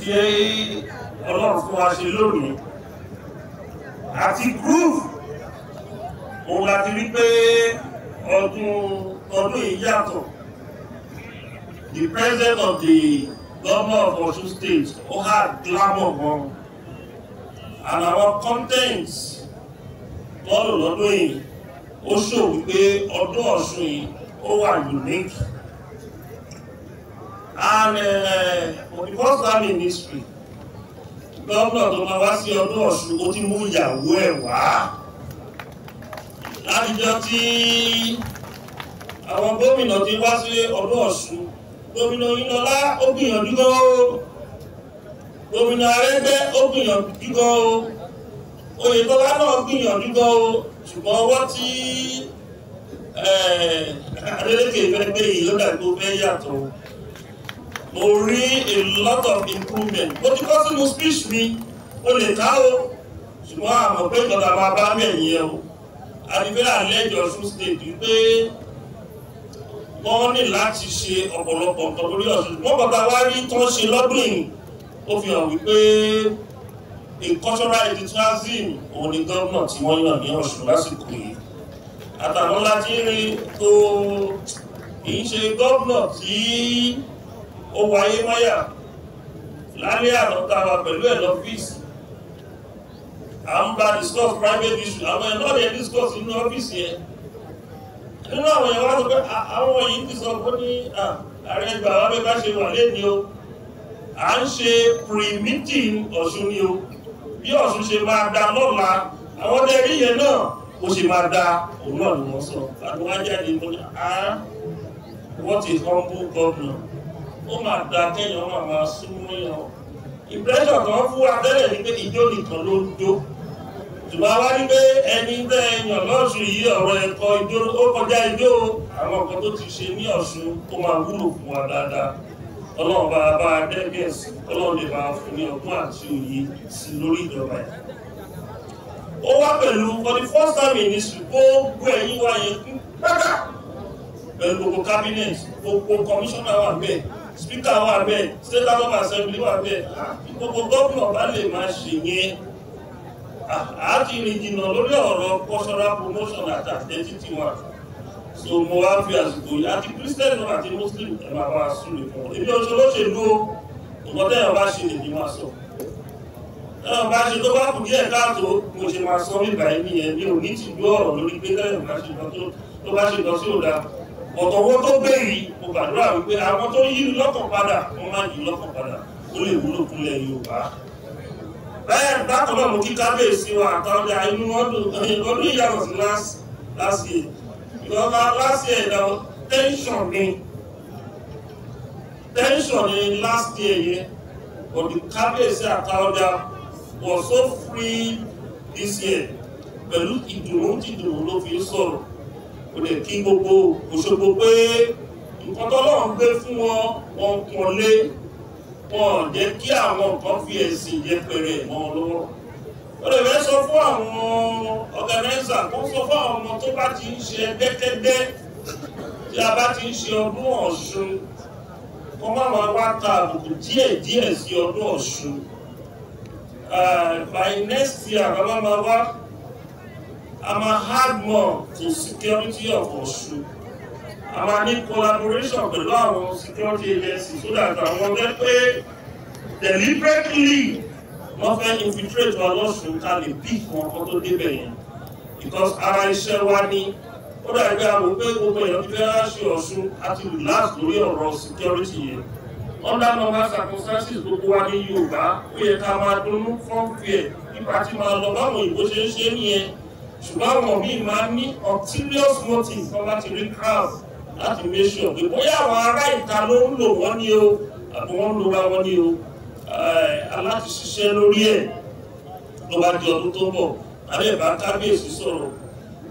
tí ọlọ́run fún wa ṣe lónìí àti groove òun láti rí pé ọdún ọdún yìí the president of the governor of Osun state ó há glamour gan and our contents lọ́dún lọ́dún yìí ó ṣòwò pé ọdún Ọ̀ṣun yìí ó wà unique. and uh, for the first time in history gómìnà tó máa wá sí ọdún ọ̀ṣun ó ti mú ìyàwó ẹ̀ wá látijọ́ tí àwọn gómìnà ti wá sí ọdún ọ̀ṣun gómìnà oyinlọlá ó gbìyànjú gan o gómìnà arẹgbẹ ó gbìyànjú gan o oyètọ́lá náà gbìyànjú gan o ṣùgbọ́n ọwọ́ tí eh, Adeleke fẹ́ gbé yìí ló dàgbò fẹ́ yàtọ̀ mo rí a lot of improvement mo ti kọ́ sínú speech mi o lè ká o ṣùgbọ́n àmọ̀ pé ìjọba máa bá mẹ́yìn ẹ o àdìbẹ́lẹ̀ àlẹ́jọ Ọ̀ṣun state wípé wọ́n ní láti ṣe ọ̀pọ̀lọpọ̀ nǹkan lórí Ọ̀ṣun wọ́n bàbá wa rí tó ń ṣe lọ́dún yìí ó fi hàn wípé a cultural enthusiasm òun ni gómìnà tí wọ́n yàn ní Ọ̀ṣun lásìkò yìí àtàwọn láti rí tó kì í ṣe gómìnà tí ó wọ Maya? máyà lálẹ́ àná tá a wà pẹ̀lú ẹ̀ lọ́fíìsì à ń bá discuss private issue àwọn ẹ̀ náà lè discuss inú ọ́fíìsì yẹn nínú àwọn ẹ̀wọ́n sọ pé àwọn yìí ti sọ fún ní ààrẹ ìgbà wà bẹ́ẹ̀ bá ṣe wà lẹ́ni o à ń ṣe pre-meeting ọ̀ṣun ni o bí ọ̀ṣun ṣe máa da lọ́la àwọn ọdẹ rí yẹn náà ó ṣe máa da òun náà ni wọ́n sọ àdúrà jáde mo ní à wọ́n ti humble governor ó máa da kẹ́yàn máa máa súnmọ́ yàn ìpẹ́sọ̀ kan fún wa tẹ́lẹ̀ ní pé ìjó nìkan ló ń jó ṣùgbọ́n wá ní pé ẹni bẹ́ ẹyàn lọ́sùn yìí ọ̀rọ̀ ẹ̀kọ́ ijó ó kọjá ijó àwọn nǹkan tó ti ṣe ní Ọ̀ṣun ó máa wúlò fún wa dáadáa ọlọ́run bá bá dẹ́gẹ̀ sí ọlọ́run lè máa fún ní ọgbọ́n àti òye sí lórí ìjọba ẹ̀. ó wá pẹ̀lú for the first time in history gbogbo ẹ̀yìn wáyé pátá pẹ̀lú gbogbo cabinet gbogbo commissioner wà bẹ́ẹ̀ spika wà bẹ́ẹ̀ state house of assembly wà bẹ́ẹ̀ gbogbo gómìnà bá lè máa ṣe yẹn a ti rìn jìnnà lórí ọ̀rọ̀ cultural promotion àti identity wa so mo wá fi àsìkò yìí àti christian náà àti muslim ẹ̀ máa máa sùn nìkan èmi ọ̀ṣọ́ ló ṣe dúró ìwọ́n tẹ́yàn bá ṣe èdè máa sọ tẹ́yàn bá ṣe tó bá kù díẹ̀ káàtó mo ṣe máa sọ nígbà yìí nìyẹn mi ò ní ti gbọ́ ọ̀rọ̀ lórí pé tẹ́yàn bá ṣe tó bá ṣe lọ sí òdà ọ̀tọ̀wọ́ tó gbẹ̀yìn mo wípé àwọn tó yí lọ́kọ̀ padà wọ́n máa yí lọ́kọ̀ padà ó lè wúlò fúnlẹ̀ Yorùbá. bẹ́ẹ̀ bákan náà mo kí kábíyèsí wa àtàwọn inú ọdún ọdún ìyàwó sí last year ìjọba last year ìdá tẹ́ńsọ̀n ni tẹ́ńsọ̀n ni last year yẹ but the kábíyèsí àtàwọn was so free pẹ̀lú ìdùnnú ti dùnnú ló fi sọ̀rọ̀. ó lè kí gbogbo Òṣogbo pé nǹkan tọ́lọ́run gbé fún wọn wọn kàn lé wọn jẹ́ kí àwọn kan fi ẹ̀sìn yẹpẹrẹ mọ́ lọ́wọ́ ó lè fẹ́ sọ fún àwọn ọ̀gánáìsà kó sọ fún àwọn ọmọ tó bá ti ń ṣe ẹgbẹ́kẹ́gbẹ́ tí a bá ti ń ṣe ọdún Ọ̀ṣun kó má máa wá ta àbùkù díẹ̀ díẹ̀ sí ọdún Ọ̀ṣun ah, by next year bàbá máa wá. I'm a hard one to security of Osun. I'm a need collaboration law on security agencies so that àwọn ọgbẹ́ pé deliberately not fẹ́ infiltrate wa lọ́sùn ká lè bí nǹkan kan tó débẹ̀ yẹn because ara iṣẹ́ wa ni ó dàgbé àwọn pé gbogbo èèyàn ti fẹ́ ṣe Ọ̀ṣun àti relax lórí ọ̀rọ̀ security under normal circumstances gbogbo wa ní Yorùbá ó yẹ ká máa dunnú fọ́nfì ẹ̀ nípa tí máa lọ báwọn òyìnbó ṣe ń ṣe nìyẹn ṣùgbọ́n àwọn míì máa ní ulterior motive kan láti rí crown láti make sure pé bóyá àwọn ará ìta ló ń lò wọ́n ní o àbí wọ́n ń lo ra wọ́n ní o eh, aláti ṣiṣẹ́ lórí ẹ̀ ló bá di ọdún tó bọ̀ alẹ́ bá kábíyèsí sọ̀rọ̀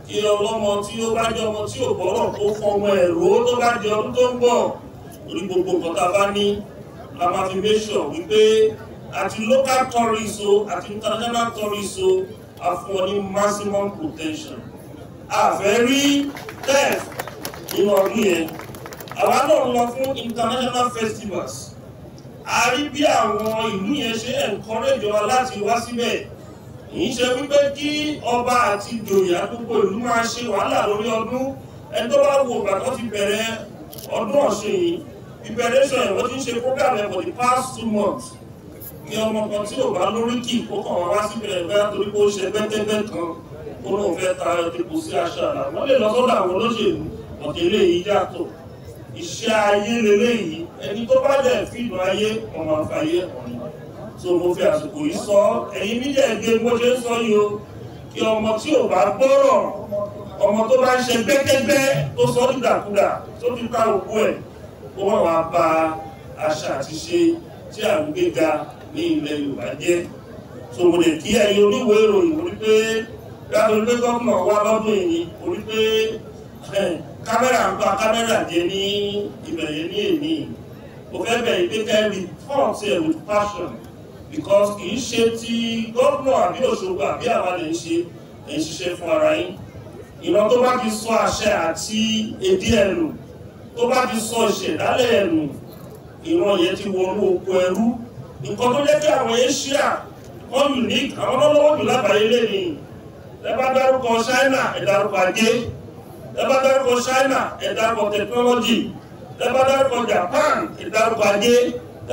kí ọlọ́mọ tí ó bá jẹ ọmọ tí ò bọ́rọ̀ tó fọmọ ẹ̀rọ tó bá di ọdún tó ń bọ̀ orí gbogbo nǹkan tá a bá ní la máa fi make sure wípé àti local tourism àti international tourism a fún wọn ní maximum protection a fẹ́ rí death nínú ọdún yẹn àwa náà lọ fún international festivals a rí bí àwọn ìlú yẹn ṣe encourage wa láti wá síbẹ̀ yìí ṣe wípé kí ọba àti ìjòyè àdúgbò ìlú máa ṣe wàhálà lórí ọdún ẹni tó bá wo ìgbà tó ti bẹ̀rẹ̀ ọdún ọ̀sẹ̀ yìí preparation ẹ̀ wọ́n ti ń ṣe program ẹ̀ for the past two months ní ọmọ kan tí ò bá lóríkì ó kàn wá wá síbi ẹgbẹ́ torí pé ó ṣe bẹ́tẹ́bẹ́ kan ó lóun fẹ́ ta epo sí aṣọ àlà wọ́n lè lọ sọ́dọ̀ àwọn olóṣèlú ọ̀tẹ̀lẹ̀ yìí yàtọ̀ iṣẹ́ ayé leléyìí ẹni tó bá dẹ̀ fìlú ayé ọmọ àfàyè ọ̀nà so mo fi àsìkò yìí sọ ẹ̀yin nílẹ̀ ẹgbẹ́ bó ṣe ń sọ yìí o kí ọmọ tí ò bá gbọ́rọ̀ ọmọ tó bá ń ṣe gbẹ́gbẹ́gbẹ́ tó sọ dídàkudà tó fi ká òkú ẹ̀ kó wọ́n wá ba àṣà àti ṣe tí à ń gbé ga ní ilẹ̀ Yorùbá jẹ́ sòmòdè kí ẹ̀yin oníwò ìròyìn orí pé dáhùn pé gómìnà wá lọ́dún yìí orí pé kámẹ́rà ń pa kámẹ́rà jẹ ní ìbẹ̀yẹ ní èmi mo fẹ́ bẹ̀rẹ̀ pé kẹ́ report ẹ̀ with passion because kì í ṣe ti gómìnà àbí Òṣogbo àbí àwa lè ṣe ẹ̀ ń ṣiṣẹ́ fún ara yín ìran tó bá ti sọ àṣẹ àti èdè ẹ̀rù tó bá ti sọ ìṣẹ̀dálẹ̀ ẹ̀rù ìran yẹn ti wọnú oko ẹrú nǹkan tó jẹ́ kí àwọn Asia wọ́n unique àwọn ọlọ́wọ́ jù lábàáyé lé ní ẹ bá dárúkọ China ẹ dárúkọ ajé ẹ bá dárúkọ China ẹ dárúkọ technology ẹ bá dárúkọ Japan ẹ dárúkọ ajé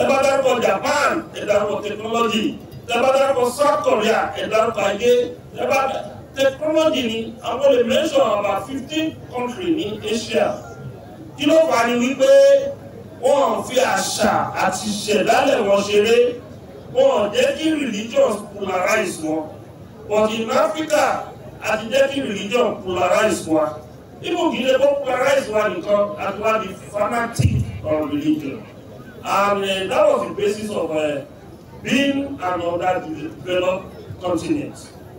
ẹ bá dárúkọ Japan ẹ dárúkọ technology ẹ bá dárúkọ South Korea ẹ dárúkọ ajé ẹ bá technology ni àwọn lè mention about fifteen countries ní Asia kí ló fà ní wípé wọ́n fi àṣà àti ìṣẹ̀dálẹ̀ wọn ṣeré wọ́n jẹ́ kí religion polarize wọn but in Africa a ti jẹ́ kí religion polarize wa ibo kì í ṣe kó polarize wa nìkan àti wá di fanatic on religion and uh, that was the basis of uh, being another developed continent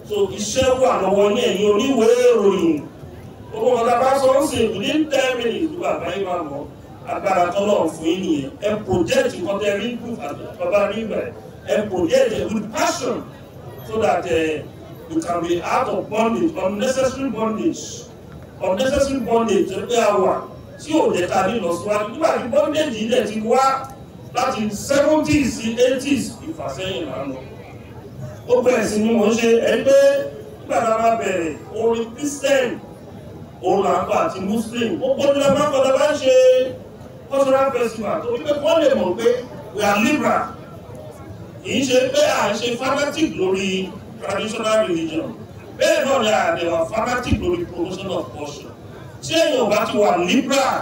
so iṣẹ́ wà lọ́wọ́ ní ẹ̀yìn oníwèé ìròyìn gbogbo ọ̀dà bá sọ ń sìn within ten minutes gbogbo àgbáyé máa mọ̀ agbára tọ́lọ́run fún yín nìyẹn ẹ project nǹkan tẹ rí gùn bàbá rí rẹ ẹ project it with passion so that uh, you can be out of bondage unnecessary bondage unnecessary bondage ẹ pé a wà tí ò jẹ́ ká ní ìlọsíwájú nígbà tí bondage yìí dẹ̀ ti wá láti seventies sí eighties ìfàsẹ́yìn lánàá ó bẹ̀rẹ̀ sí ni mo ń ṣe ẹgbẹ́ gbàdá máa bẹ̀rẹ̀ orin christian òun là àti muslim ó gbọ́dọ̀ máa ń ṣe cultural festival torí pé wọ́n lè mọ̀ pé we are liberal kì í ṣe pé à ń ṣe fanatic lórí traditional religion bẹ́ẹ̀ náà ni àdéhùn fanatic lórí promotion of culture tí èèyàn bá ti wà liberal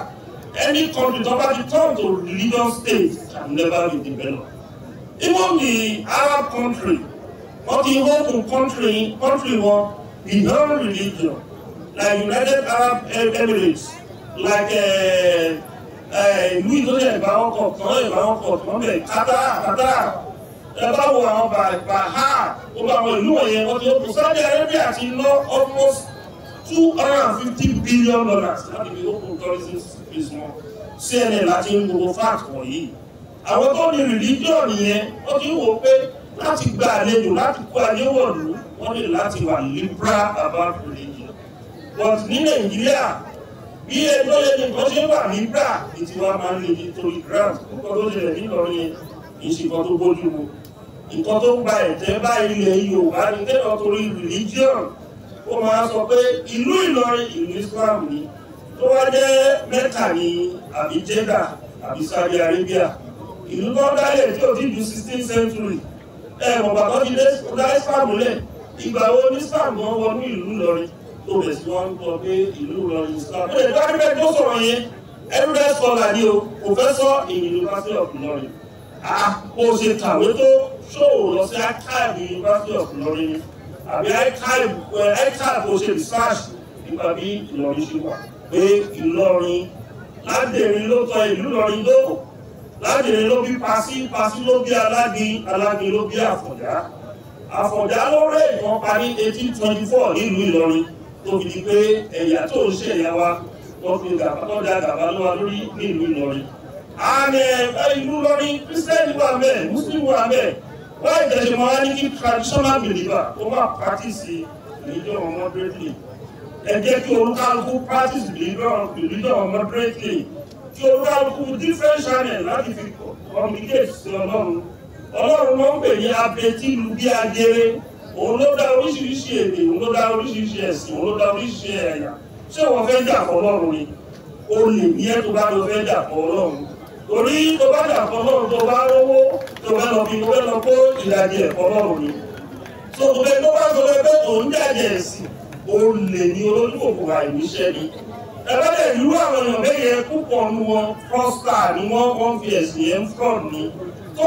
any country tó bá ti turn to religious state can never be developed even the Arab country but ti whole to country country wọn non religion like United Arab Emirates like. Uh, ìlú ìtọ́jú ẹ̀gbá wọn kọ̀ọ̀kan ẹ̀gbá wọn kọ̀ọ̀kan bẹ̀ kátàrà kátàrà ẹ bá wo àwọn bàhá gbogbo àwọn ìlú wọ̀nyẹn wọ́n ti kó Saudi Arabia ti ná almost two hundred and fifty billion dollars láti fi open tourism space wọn CNN láti ń gbogbo fact wọ̀nyí àwọn tó ní religion yẹn wọ́n ti wò pé láti gba àlejò láti kó ayéwọ̀lú wọ́n lè láti wà liberal about religion but ní Nàìjíríà bí ẹjọ́ yẹn ní nǹkan ṣe wà nígbà ètí wa máa ń lè ní torí grant nǹkan tó ṣẹlẹ̀ nílọrin ìṣìkan tó bójú mu nǹkan tó ń ba ẹ̀jẹ̀ bá ilẹ̀ Yorùbá ní tẹ́lọ̀ torí religion ó máa sọ pé ìlú Ìlọrin ìlú Islam ni tó wá jẹ́ Mẹ́kà ní àbí Jẹ́dà àbí Saudi Arabia ìlú tó dálẹ̀ tí ò ti ju sixteenth century ẹ̀ mọ̀gbà tó ti dé Islam lẹ̀ ìgbà wo ní Islam wọn wọnú ìlú Ìlọrin tó bẹ̀ sí wọn kọ pé ìlú Ìlọrin Islam. ó lè dá pípẹ́ tó sọ̀rọ̀ yẹn everywhere scholar ni o professor in University of Ìlọrin. àpò ṣe kàwé tó ṣòwò lọ sí archive University of Ìlọrin ni àbí archive archive kò ṣe research nípa bí Ìlọrin ṣe wà pé Ìlọrin ládìrín ló tọ ìlú Ìlọrin lóko ládìrín ló bí pasí pasí ló bí alágbin alágbin ló bí àfọ̀njá àfọ̀njá ló rẹ̀ ìkan pa ní eighteen twenty four nílùú Ìlọrin tó fi di pé ẹ̀yà tó ń ṣe ẹ̀yà wa wọ́n fi gàba tó da gàba lọ́wọ́ lórí ní ìlú Ìlọrin. àmì ìlú Ìlọrin Christian wà mẹ́ Muslim wà mẹ́ wọ́n ìjẹ̀jẹ̀ mọ́ wá ní kí traditional believer ó máa practice religion moderately ẹ jẹ́ kí olúkálukú practice religion moderately kí olúkálukú different channel láti fi communicate sí ọlọ́run ọlọ́run ló ń pè ní abẹ́tí lu bí ajere òun ló dá oríṣiríṣi èdè òun ló dá oríṣiríṣi ẹ̀sìn òun ló dá oríṣiríṣi ẹ̀yà ṣé wọ́n fẹ́ jà fọ́ ọlọ́run ni o lè ní ẹ́ tó bá lọ fẹ́ jà fọ́ ọlọ́run torí tó bá jà fọ́ ọlọ́run tó bá rówó tó bá lọ fi tó bá lọ kó ìdajì ẹ̀fọ́ ọlọ́run ni tó tó bẹ́ẹ̀ tó bá sọ pé òun jàjẹ̀ ẹ̀sìn o lè ní olójúkòkòrò àìníṣẹ́ ni ẹlẹ́dẹ̀ ìlú àwọn èèyàn bẹ́yẹ púpọ̀ nu wọn frosta ni wọ́n wọ́n fi ẹ̀sìn yẹn fraud ni tó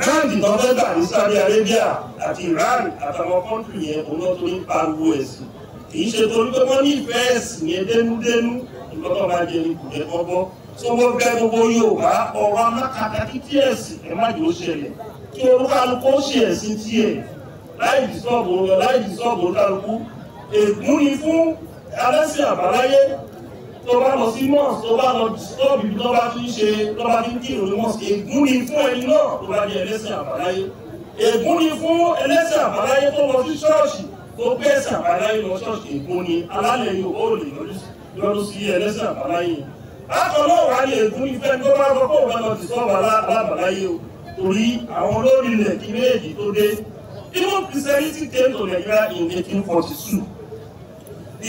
báńkì tó fẹ́ gbà ní Saudi Arabia àti Iran àtàwọn kọ́ńtù yẹn òun náà tó ń pariwo ẹ̀sìn kì í ṣe torí pé wọ́n ní ìfẹ́ ẹ̀sìn yẹn dénúdénú ìgbọ́n tó máa jẹ ikùn jẹ kọ́gbọ́ tó wọ́n fẹ́ gbogbo Yorùbá ọ̀rọ̀ amákatakí tí ẹ̀sìn ẹ̀ má jòó ṣẹlẹ̀ kí olúkálukú ó ṣe ẹ̀sìn tiẹ̀ láì dìsọ́ọ̀bù láì dìsọ́ọ̀bù olúkálukú ègún ni fún alẹ́sìn àbáláyé tó bá lọ sí mọ́ọ̀sì tó bá lọ tóbi tó bá fi ń ṣe tó bá fi ń kírun ní mọ́ọ̀sì ègún ni fún ẹni náà tó bá di ẹlẹ́sìn àbáláyé ègún ni fún ẹlẹ́sìn àbáláyé tó lọ sí ṣọ́ọ̀ṣì tó gbé ẹ̀sìn àbáláyé lọ ṣọ́ọ̀ṣì ègún ni alálẹ̀ yóò ó lè lọ́dún sí ẹlẹ́sìn àbáláyé bákan náà wà ní ègún ni fẹ́ni tó bá lọ kó bá lọ ti sọ́ọ̀bà alábàláyé o torí àwọn olórí ilẹ̀ kí méjì tó dé even Christianity came to Nigeria in the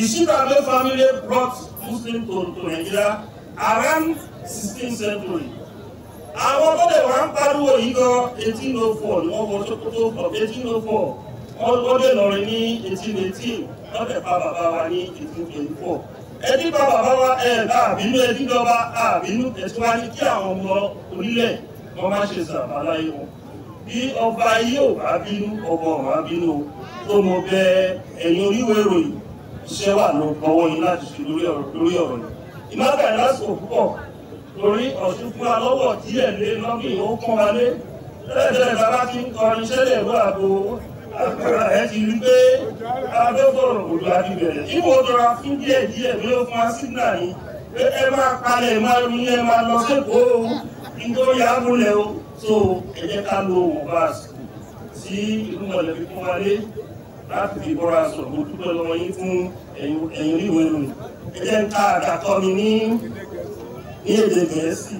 Shitabé family brought Muslim to Nàìjíríà around sixteen century. Àwọn tó lè wá ń pariwo yìí lọ eighteen oh four ni wọ́n wọ Sokoto from eighteen oh four wọ́n lọ́dẹ̀ lọ́rin ní eighteen eighteen wọ́n tẹ̀ pa bàbá wa ní eighteen twenty four. Ẹni pa bàbá wa ẹ̀ bá àbínú ẹni jọba àbínú tẹ̀síwájú kí àwọn ọmọ orílẹ̀ wọ́n má ṣe sàbálá yìí wọn bí ọba yóò bá bínú ọmọ ọ̀hún á bínú tó mọ bẹ ẹ̀yin oríwèé ròyìn iṣẹ́ wà ló gbọ́wọ́ yín láti ṣe lórí ọ̀rọ̀ lórí ọ̀rọ̀ yìí. ìmọ̀gbà lásìkò púpọ̀ torí ọ̀sùn fún wa lọ́wọ́ díẹ̀ lé lọ́gbìn ó kún wa lé lẹ́sẹ̀ bàbá ti ń kọrin sẹ́lẹ̀ wọ àbò àgbàrá ẹ̀ ti rí pé agbẹ́bọ̀rọ̀ òjò àti bẹ̀rẹ̀. ibo dọ̀ra fún díẹ̀ díẹ̀ bí ó fún wa sínú àyín pé ẹ máa palẹ̀ máa rí ẹ máa lọ sẹ́kọ̀ọ́ o nítorí àmúlẹ̀ o tó ẹ ká lo òun bá sí ìlú láti fi bọ́ra sọ̀rọ̀ mo dúpẹ́ lọ́wọ́ yín fún ẹ̀yin oníwèé ìròyìn ẹ jẹ́ ń ká àtàkọ́ mi ní ní èdè gẹ̀ẹ́sì